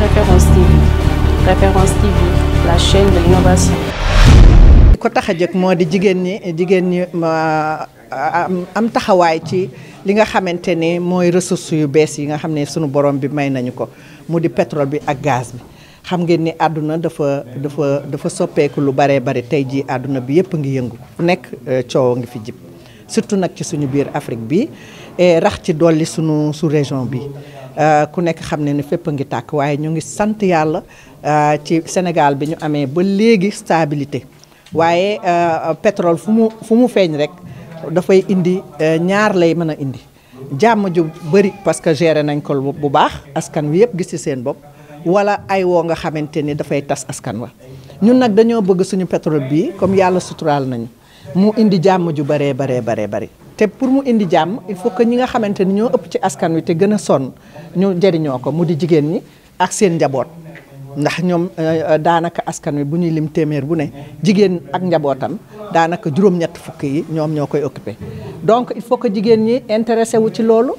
Référence TV la chaîne de l'innovation. ko tax a jëkk moo di jigéen ñi jigéen ñi am taxawaay ci li nga xamante ne mooy ressources yu bees yi nga xam ne sunu borom bi may nañu ko mu di pétrole bi ak gaz bi. xam ngeen ni àdduna dafa dafa dafa soppeeku lu baree bari tey jii àdduna bi yëpp ngi yëngu. fu nekk euh, coow ngi fi jib surtout nag ci suñu biir Afrique bi et rax ci dolli sunu su région bi euh, ku nekk xam ne ne fépp a ngi tàkk waaye ñu ngi sant yàlla euh, ci Sénégal bi ñu amee ba léegi stabilité waaye euh, pétrole fu mu fu mu feeñ rek dafay indi ñaar lay mën a indi jàmm ju bëri parce que géré nañ ko bu baax askan wi yëpp gis ci seen bopp wala ay woo nga xamante ni dafay tas askan wa ñun nag dañoo bëgg suñu pétrole bii comme yàlla suturaal nañu mu indi jàmm ju bëree baree baree bëri te pour mu indi jàmm il faut que ñi nga xamante ni ñoo ëpp ci askan wi te gën a sonn ñu jëriñoo ko mu di jigéen ñi ak seen njaboot ndax ñoom euh, euh, daanaka askan wi bu ñuy lim téeméer bu ne jigéen ak njabootam daanaka juróom-ñett fukk yi ñoom ñoo koy occupé donc il faut que jigéen ñi intéressé wu ci loolu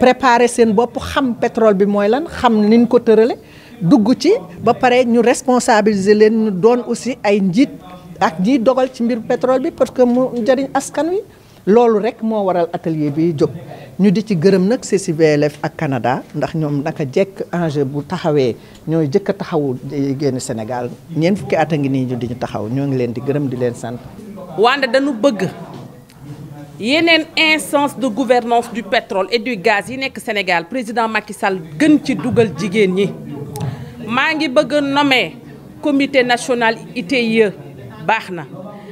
préparer seen bopp xam pétrole bi mooy lan xam niñ ko tërale dugg ci ba pare ñu responsabiliser leen ñu doon aussi ay njiit ak ñiy dogal ci mbir pétrole bi parce que mu jëriñ askan wi loolu rek moo waral atelier bi jóg ñu di ci gërëm nag CCBLF ak Canada ndax ñoom naka jekk enjeu bu taxawee ñooy jëkk a taxawu génn Sénégal ñeen fukki at a ngi nii ñu di ñu taxaw ñoo ngi leen di gërëm di leen sant. wante dañu bëgg yeneen instance de gouvernance du pétrole et du gaz yi nekk Sénégal président Macky Sall gën ci dugal jigéen ñi maa ngi bëgg a nommer comité national ITIE baax na.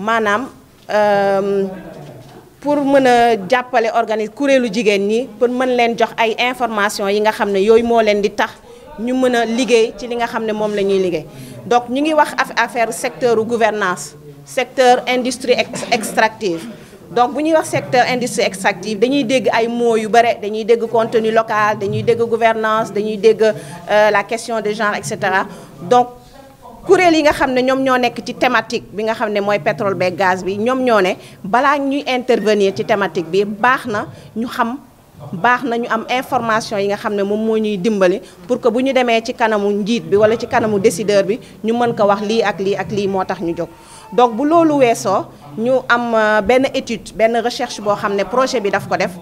Manam euh, pour mën jappalé organiser organise jigen ni pour mën len jox ay information yi nga xamné yoy mo len di tax ñu mën a liggéey ci li nga xamné mom lañuy liggéey donc ñu ngi wax affaire secteur gouvernance secteur industrie extractive donc bu ñuy wax secteur industrie extractive dañuy dégg ay mots yu bare dañuy dégg contenu local dañuy dégg gouvernance dañuy dégg euh, la question des genres et cetera donc kuréel yi nga xam ne ñoom ñoo nekk ci thématique bi nga xam ne mooy pétrole beeg gaz bi ñoom ñoo ne balaa ñuy intervenir ci thématique bi baax na ñu xam baax na ñu am information yi nga xam ne moom moo ñuy dimbali pour que bu ñu demee ci kanamu njiit bi wala ci kanamu décideur bi ñu mën ko wax lii ak lii ak lii moo tax ñu jóg donc bu loolu weesoo ñu am euh, benn étude benn recherche boo xam ne projet bi daf ko def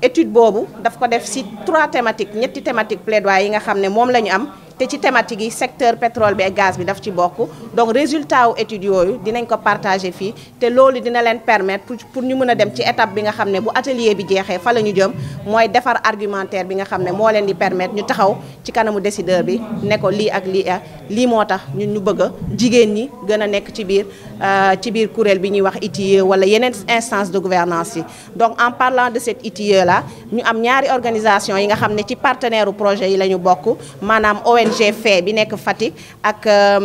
étude boobu daf ko def ci trois thématiques ñetti thématique plaidoyer yi nga xam ne moom la ñu am te ci thématique secteur pétrole bi gaz bi daf ci bokk donc résultat wu études dinañ ko partager fi té lolu dina len permettre pour pour ñu mëna dem ci étape bi nga xamné bu atelier bi jéxé fa lañu jëm moy défar argumentaire bi nga xamné mo len di permettre ñu taxaw ci kanamu décideur bi ne ko ak li li motax ñun ñu bëgg a ñi nekk ci biir euh, ci biir kuréel bi ñuy wax ITIE wala yeneen instance de gouvernance yi donc en parlant de cette ITIE là ñu am ñaari organisation yi nga xam ne ci partenaire projet yi la ñu bokk maanaam ONG fait, bi nekk Fatick ak euh,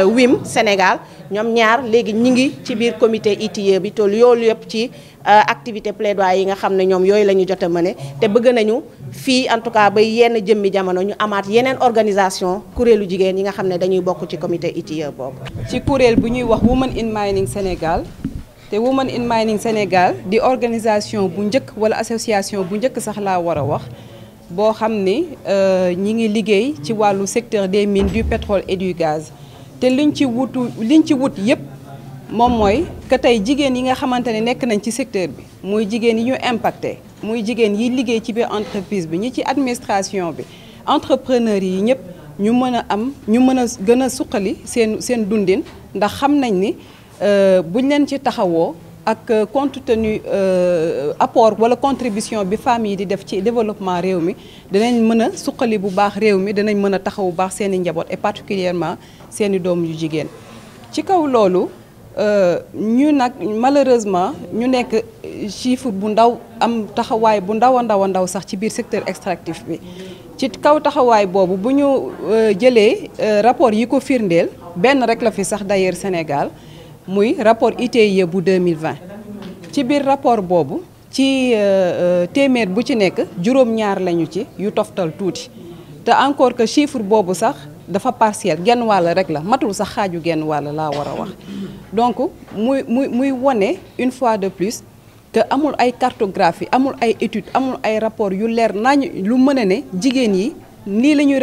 euh, WIM Sénégal ñoom ñaar léegi ñi ngi ci biir comité ITIE bi te loolu yëpp ci Euh, activité plaidoyer yi nga xam ne ñoom yooyu la ñu jot a mëne te bëgg nañu fii en tout cas bay yenn jëmmi jamono ñu amaat yeneen organisation kuréelu jigéen yi nga xam ne dañuy bokk ci comité ITIE boobu. ci kuréel bu ñuy wax Women in Mining Sénégal te Women in Mining Sénégal di organisation bu njëkk wala association bu njëkk sax laa war a wax boo xam ni euh, ñi ngi liggéey ci wàllu secteur des mines du pétrole et du gaz te liñ ci wutu li liñ ci wut yépp moom mooy que tey jigéen yi nga xamante ne nekk nañ ci secteur bi mooy jigéen yi ñu impacté muy jigéen yi liggéey ci biir entreprise bi ñi ci administration bi entrepreneur yi ñëpp ñu mën a am ñu mën a gën a suqali seen seen dundin ndax xam nañ ni euh, buñ leen ci taxawoo ak euh, compte tenu euh, apport wala contribution bi femmes yi di def ci développement réew mi danañ mën a suqali bu baax réew mi danañ mën a taxaw bu baax seen i njaboot et particulièrement seen i doom yu jigéen Euh, ñu nag malheureusement ñu nekk chiffre bu ndaw am taxawaay bu ndaw a ndaw ndaw sax ci biir secteur extractif bi ci kaw taxawaay boobu bu ñu euh, jëlee euh, rapport yi ko firndeel benn rek la fi sax d'ailleurs Sénégal muy rapport ITIE bu 2020 ci biir rapport bobu ci téeméer bu ci nek juróom-ñaar lañu ci yu toftal touti té encore que chiffre bobu sax dafa partiel genn wàll rek la matul sax xaju genn wàll la wara wax donc muy muy muy une fois de plus que nous ay cartographie nous ay étude nous ay rapport yu leer nañu lu mën a ne jigéen yi lii la ñuy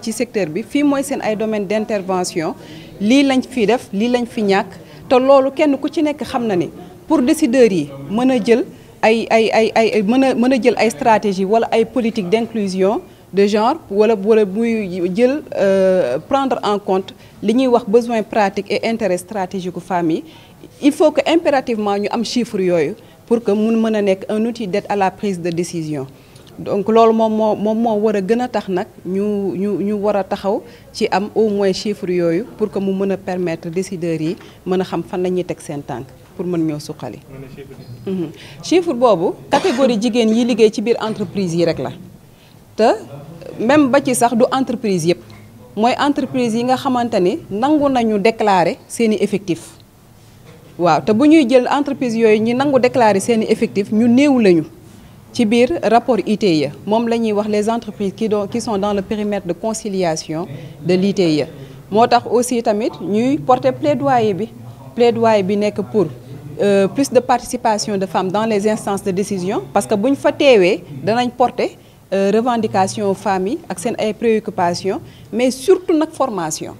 ci secteur bi fi moy sen ay domaine d'intervention. li lañ fi def li lañ fi ñak te loolu kenn ku ci nek xam na ni pour décideurs yi mën jël ay ay ay ay mën a jël ay stratégie wala ay politique d'inclusion de genre pour euh, prendre en compte les besoins wax besoin et intérêt stratégiques de la il faut que impérativement ñu am chiffre pour que nous mëna un outil d'aide à la prise de décision donc ce qui au moins chiffre pour que mu permettre pour que ñoo suqali mhm. chiffre catégorie yi liggéey ci biir entreprise yi rek te même ba ci sax du entreprise yëpp moy entreprise yi nga déclaré nangu nañu déclarer effectif waaw te bu ñuy jël entreprise yooyu ñi nangu déclarer effectif ñu néew lañu ci biir rapport ITE moom la ñuy wax les entreprises qui qui sont dans le périmètre de conciliation de l'ITE moo tax aussi tamit ñuy porter plaidoyer bi plaidoyer bi pour euh, plus de participation de femmes dans les instances de décision parce que si ñu fa teewee danañ porter euh, revendications aux familles ak préoccupations mais surtout la formation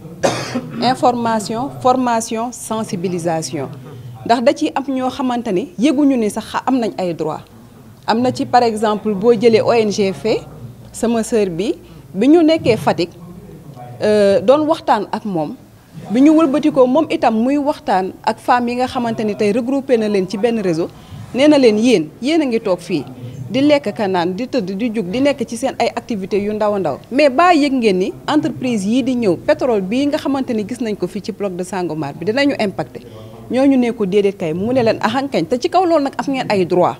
information formation sensibilisation ndax da am nous avons droits par exemple boo jëlee ONG fait sama sœur bi Nous sommes nous waxtaan ak nous itam muy waxtaan ak qui yi nga xamante ni réseau nous leen di lekk kanaan di tëdd di jug di nekk ci seen ay activités yu ndaw ndaw mais baa yëg ngeen ni entreprise yii di ñëw pétrole bii nga xamante ni gis nañ ko fii ci bloc de Sangomar bi dinañu impacté ñooñu ne ko déedéet kay mu ne leen axankañ te ci kaw loolu nag am ngeen ay droit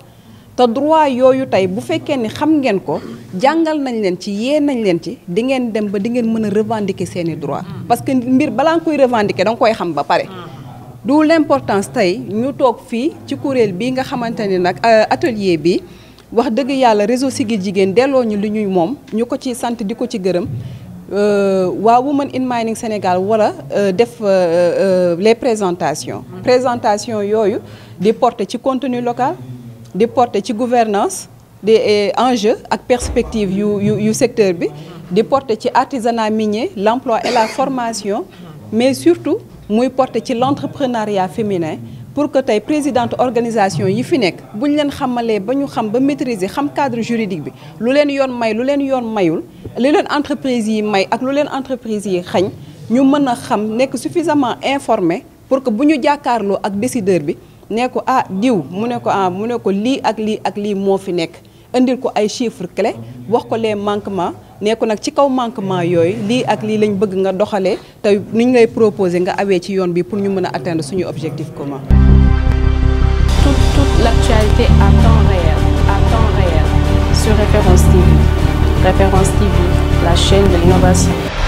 te droit yooyu tey bu fekkee ni xam ngeen ko jàngal nañ leen ci yee nañ leen ci di ngeen dem ba dingeen mën a revendiquer seeni droit mm. parce que mbir balaa nga koy revendiquer da nga koy xam ba pare mm. du l'importance tey ñu toog fii ci kuréel bi nga xamante ni nag euh, atelier bi wax deug yalla réseau Siggil jigen delloo ñu li ñuy moom Santé, ci santé di ko ci gërëm euh, Women in Mining Sénégal wala euh, def euh, les présentations présentation yoyu di porter ci contenu local di porter ci gouvernance des eh, enjeux ak perspectives du yu yu secteur bi di porter ci artisanat minier l'emploi et la formation mais surtout muy porter ci l'entrepreneuriat féminin pour que tey présidente organisation yi fi nekk buñ leen xamalee ba xam ba maîtriser xam cadre juridique bi lu leen yoon may lu leen yoon mayul li leen entreprise yi may ak lu leen entreprise yi xañ ñu mën a xam nekk suffisamment informé pour que bu ñu jàkkaarloo ak décideur bi ne ko ah diw mu ne ah mu ne ko ak li ak li moo fi nekk indil ko ay chiffres clés wax ko les manquements nee nak ci kaw manquement yoy li ak li lañ bëgg nga doxalee tay niñ lay proposer nga awé ci yoon bi pour ñu mëna atteindre suñu objectif commun. toute toute l'actualité à temps réel à temps réel sur Référence TV Référence TV la chaîne de l'innovation.